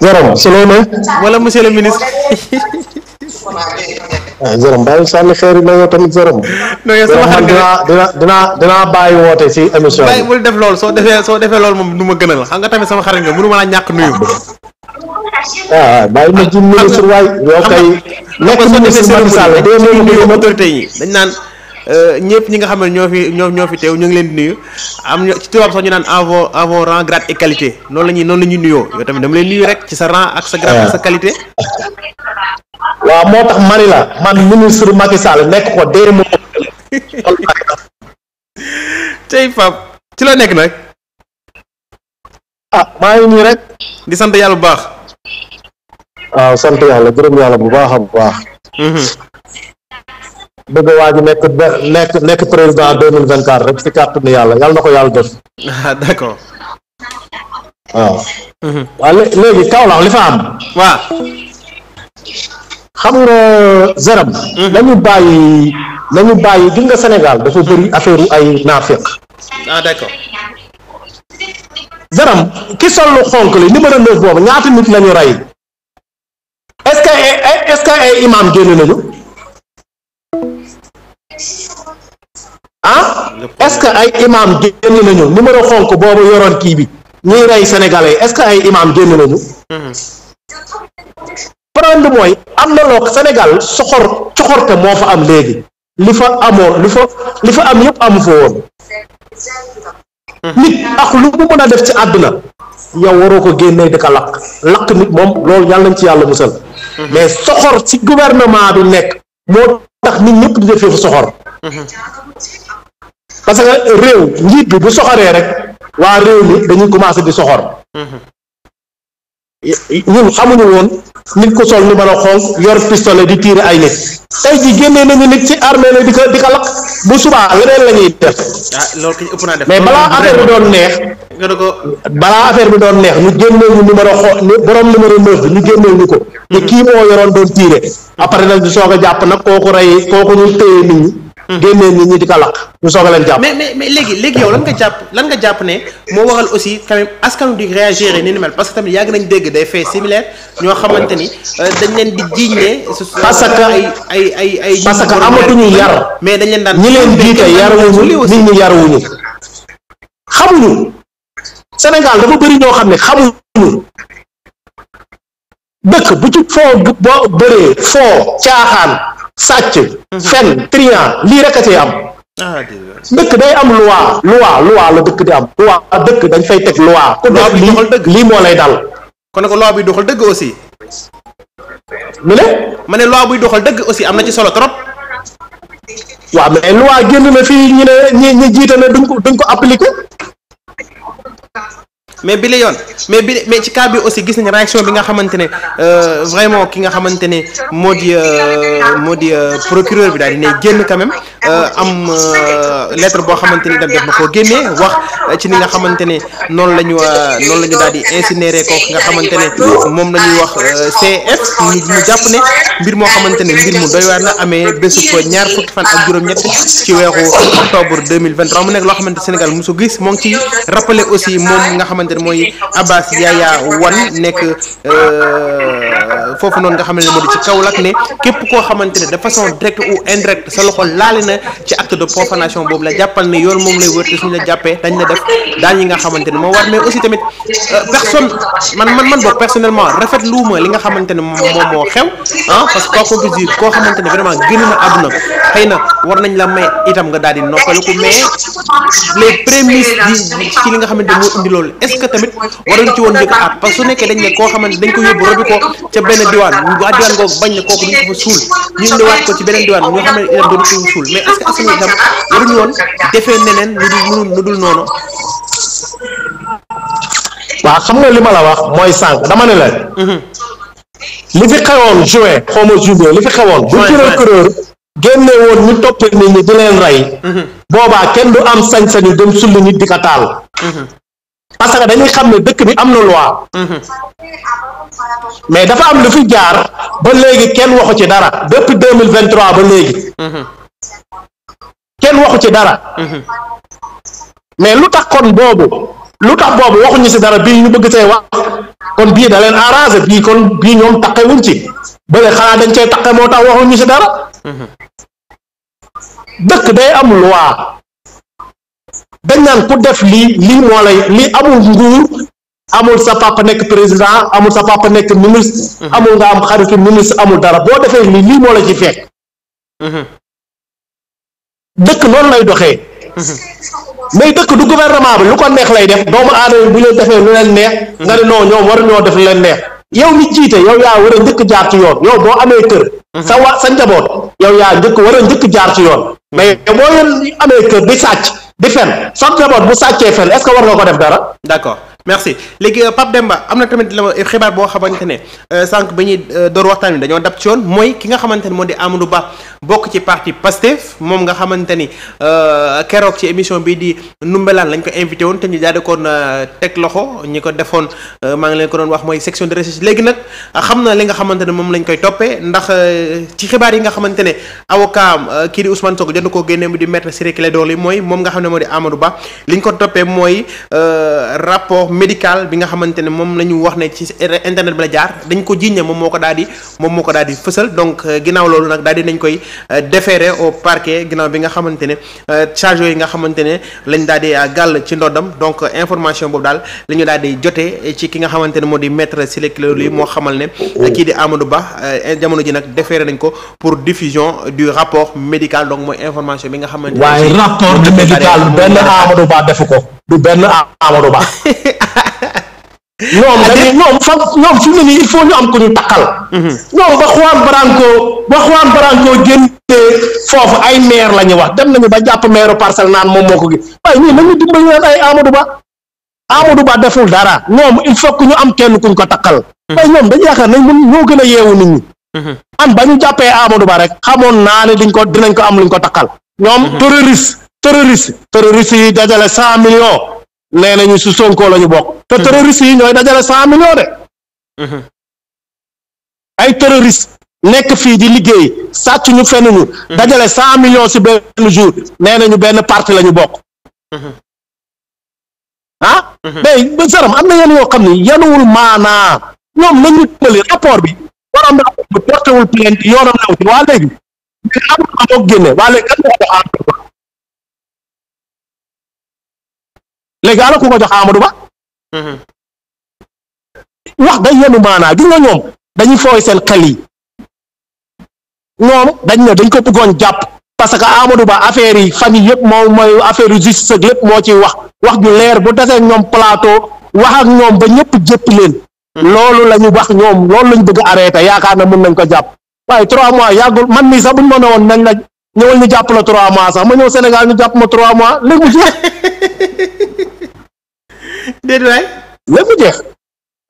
Jérôme Souleymane. wala monsieur le ministre. ah Jérôme bàyyi sànni xeer yi yow tamit Jérôme. non yow sama xarit dinaa dinaa dinaa dinaa bàyyi woote si émission bi. bàyyi bul def loolu soo defee soo defee loolu moom du ma gënal xam nga tamit sama xarit nga mënu ma laa ñàkk nuyu. ah bàyyi ma ji ministre waay. yow kay nekk ministre Macky Sall. autorité yi dañ naan. Euh, ñëpp ñi nga xam ne ñoo fi ñoo ñoo fi teew ñu ngi leen di nuyu am ci tubaab sax ñu naan en vos en grade et qualité noonu la ñuy noonu la ñuy nuyoo yow tamit dama leen nuyu rek ci sa rang ak sa grade ak sa qualité. waaw moo tax mani la man ministre Macky Sall nekk ko déedéet mu. ci la nekk nag. ah maa ngi rek. di sant yàlla bu baax. waaw sant yàlla gërëm yàlla bu baax a bu baax. Mm-hmm. bëgg waa ji nekk nekk nekk président deux mille vingt quatre rek si kàttan yàlla yàlla na ko yàlla def. Ah, d'accord. waaw. Mhm. waaw léegi Kaolack li fa am. waaw. xam nga Zeram. Mhm. nañu bàyyi nañu bàyyi Sénégal dafa bëri affaire ay naafiq. ah d'accord. Zeram ki sol lu xonk li numéro neuf boobu ñaata nit lañu rey. est-ce que imam génn nañu. est-ce que ay imam génn nañu numéro xonk boobu yoroon kii bi ñuy rey sénégalais est-ce que ay imam génn nañu prendre mooy am na loo Sénégal soxor coxorte moo fa am léegi li fa amoon li fa li am yëpp amu fa woon nit ak lu mu mën a def ci àdduna yow waroo ko génnee di ko lakk lakk nit moom loolu yàlla nañ ci yàlla musal mais soxor ci gouvernement bi nekk moo tax nit ñëpp di def yëfu parce que réew njiit bi bu soxoree rek waa réew mi dañuy commencé di soxor ñun xamuñu woon nit ku sol numéro xonk yor pistolet di tiir ay nit tey ji génnee nañu nit ci armée la di ko di ko lakk bu subaa leneen la ñuy def ah, mais balaa affaire bi doon neex bi doon neex ñu génnee ñu numéro xonk borom numéro neuf ñu génnee ñu ko mhm. te kii moo yoroon doon tiire après nag di soog a jàpp nag kooku rey kooku ñu téye nit ñi génnee nit ñi di ko lakk ñu soog a leen jàpp. mais mais léegi léegi yow lan nga jàpp lan nga jàpp ne moo waral aussi quand même askan di réagir ni ni mel parce que tamit yàgg dégg day fait similaire ñoo xamante ni euh, dañ leen di jiiñ ne. parce ay ay ay ay. yar. mais dañ leen daan ñi leen jiite yaruwuñu nit ñi yaruwuñu xamuñu Sénégal dafa bëri ñoo xam ne xamuñu. dëkk bu ci foo boo bëree foo caaxaan sàcc mhm. fen trian lii rek a ci am ah, dëkk day am loi loi loi la dëkk di am loi dëkk dañ fay teg loi ku def lii lii moo lay dal kon nag loi bi doxal dëgg aussi mu ne ma ne loi buy doxal dëgg aussi am na ci solo trop waaw mais loi génn na fii ñu ne ñi ñi jiite ne duñ ko duñ ko appliqué mais bi la yoon mais bi mais ci cas bi aussi gis nañ réaction bi nga xamante ne euh, vraiment ki nga xamante ne moo di euh, moo di euh, procureur bi daal di ne génn quand même Euh, am euh, lettre boo xamante ni daf na ko génnee wax ci ni nga xamante ne noonu la ñu euh, noonu la ñu daal di incinéré ko nga xamante ne moom la ñuy wax CF ñu jàpp ne mbir moo xamante ne mbir mu doy waar la amee bésu ñaar fukki fan ak juróom-ñett ci weeru octobre 2023 mu nekk loo xamante senegal mu su gis moo ngi ci rappelé aussi moom nga xamante ne mooy Abbas Yaya Wane nekk. foofu noonu nga xam ne moo di ci Kaolack ne képp koo xamante ne de façon directe ou indirecte sa loxo laale na ci de profanation boobu la jàppal ne yoon moom lay wër te suñu ne moo war mais aussi tamit euh, personne man man man boog personnellement ah, na àdduna xëy na war nañ la may itam ci li nga xamante moo indi loolu est ce que tamit waruñ ci woon njëkk a parce que su nekkee dañ ko yóbbu robi ca benn diwaan waa diwaan googu bañ ne kooku duñ ko fa suul ñu indiwaat ko ci beneen diwaan ñoo xam ne doon ko suul mais est ce que woon waruñu woon defee neneen lu dul lu dul noonu. waaw xam nga li ma la wax mooy sànq dama ne la. Mhm. li fi xewoon juin xaw ma juillet li fi xewoon. bu procureur génne woon ñu topp nit ñi di leen rey. Mhm. boobaa kenn du am sañ-sañu dem sulli nit di ko taal. Mhm. parce que dañuy xam ne dëkk bi am na loi. mais dafa am lu fi jaar ba léegi kenn waxu ci dara depuis deux mille vingt trois ba léegi. kenn waxu ci dara mais lu tax kon boobu lu tax boobu waxuñu ci dara bii ñu bëgg see wax kon bii da leen arrangé bii kon bii ñoom taqe wuñ ci bële xanaa dañ cee taqe moo tax waxuñu ci dara dëkk day am loi dañ naan ku def lii lii moo lay lii amul nguur amul sa papa nekk président amul sa papa nekk ministre amul nga am xaritu ministre amul dara boo defee lii lii moo la ci fekk dëkk noonu lay doxee mais dëkk du gouvernement bi lu ko neex lay def doomu aadama bu leen defee lu leen neex nga ne non ñoom waru ñoo def lu leen neex yow mi jiite yow yaa war a njëkk jaar ci yoon yow boo amee kër sa wa sa yow yaa njëkk war a njëkk jaar ci yoon mais boo amee kër di sàcc di fen sa njaboot bu sàccee fen est-ce war nga ko def dara d'accord merci léegi euh, dem ba am na tamit la xibaar boo xamante ne euh, sànq ba ñuy euh, door waxtaan wi dañoo dab ci woon mooy ki nga xamante ne moo di Amadou Ba bokk ci parti Pastef moom nga xamante ni keroog ci émission bi di Numbelaan lañ ko invité woon te ñu daal di loxo ñi ko defoon maa ngi leen ko doon wax mooy section de recherche léegi nag xam na li nga xamante ne moom lañ koy toppee ndax ci xibaar yi nga xamante ne avocat kii di Ousmane Sonko jënd koo génne mu di maître Ciré Clédor Ly mooy moom nga xam ne moo di Amadou Ba liñ ko toppee mooy rapport médical bi nga xamante ne moom la ñu wax ne ci internet bi la jaar dañ ko jiiñ ne moom moo ko daal di moom moo ko daal di fësal donc euh, ginnaaw loolu nag daal di nañ koy euh, déféré au parquet ginnaaw bi nga xamante ne euh, charge yi nga xamante ne lañ daal di gàll ci ndoddam donc information boobu daal la ñu daal di jotee ci ki nga xamante ne moo di maître Ciré Clédor yi moo xamal ne kii di Amadou Ba jamono ji nag déféré nañ ko pour diffusion du rapport médical donc mooy information bi nga xamante ne waaye rapport médical benn Amadou Ba defu ko du benn Amadou Ba ñoom dañuy ñoom fa ñoom fi mu ne nii il faut ñu am ko ñu takkal mhm. ñoom ba Juan Branco ba Juan Branco génnee foofu ay maire la ñuy wax dem nañu ba jàpp maire parcelle naan moom moo ko gi waaye ñii nañu dimbali naan ay Ba Amadou dara ñoom il faut que ñu am kenn kuñ ko takkal mhm. waaye ñoom dañu yaakaar a yeewu nit am mhm. ba ñu jàppee Amadou Ba rek xamoon naa ne diñ ko dinañ ko am luñ ko takkal ñoom terroriste terroriste terroriste yi dajale cent millions nee nañu su Sonko la ñu bokk te hmm. terroriste yi ñooy dajale cent millions de hmm. ay terroriste nekk fii di liggéey sàcc ñu fenn hmm. dajale cent millions ci benn jour nee nañu benn parti la ñu bokk ah mais saram am na yenn yoo xam ne yanuwul maanaa ñoom nañu tëli rapport bi waram wul portewul plainte yoonam new ci waa léegi mais amul ma mook génne waa léegi kan moo ko léegi ana ku ko jox Amadou Ba. Mhm. wax day yenu maanaa gis nga ñoom dañuy fooy seen xel ñoom dañ ne dañ ko bëggoon jàpp parce que Amadou Ba affaire yi fan yi yëpp moo mooy affaire yu justice ak lépp moo ciy wax wax ju leer bu desee ñoom plateau wax ak ñoom ba ñëpp jëpp leen. Mhm. loolu la ñu wax ñoom loolu la ñu bëgg arrêté yaakaar na mën nañ ko jàpp waaye trois mois yàggul man mii sax buñ ma ne nañ na ñëwal ñu jàpp la trois mois sax ma ñëw Sénégal ñu jàpp ma trois mois léegi mu déedéet waay. lépp mu jeex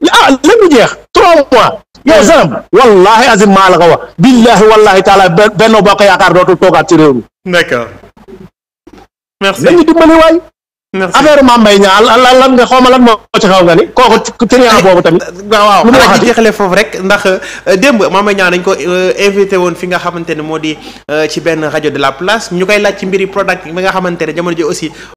ah lépp mu jeex trois mois. yow Salam wallaahi azim maa la ko wax billaahi wallaahi taala Benno Bokk Yaakaar dootul toogaat ci réew mi. d'accord merci nañu dimbali waay. merci affaire la Mbaye Niang lan lan nga xawma lan moo ci xaw nga ni kooku triant boobu tamit. waaw waaw xanaa jeexale foofu rek ndax euh, démb Mame Mbaye Niang dañ ko euh, invité woon fi nga xamante ne moo di euh, ci benn rajo de la place ñu koy laaj ci mbiri Prodac bi nga xamante ne jamono ji aussi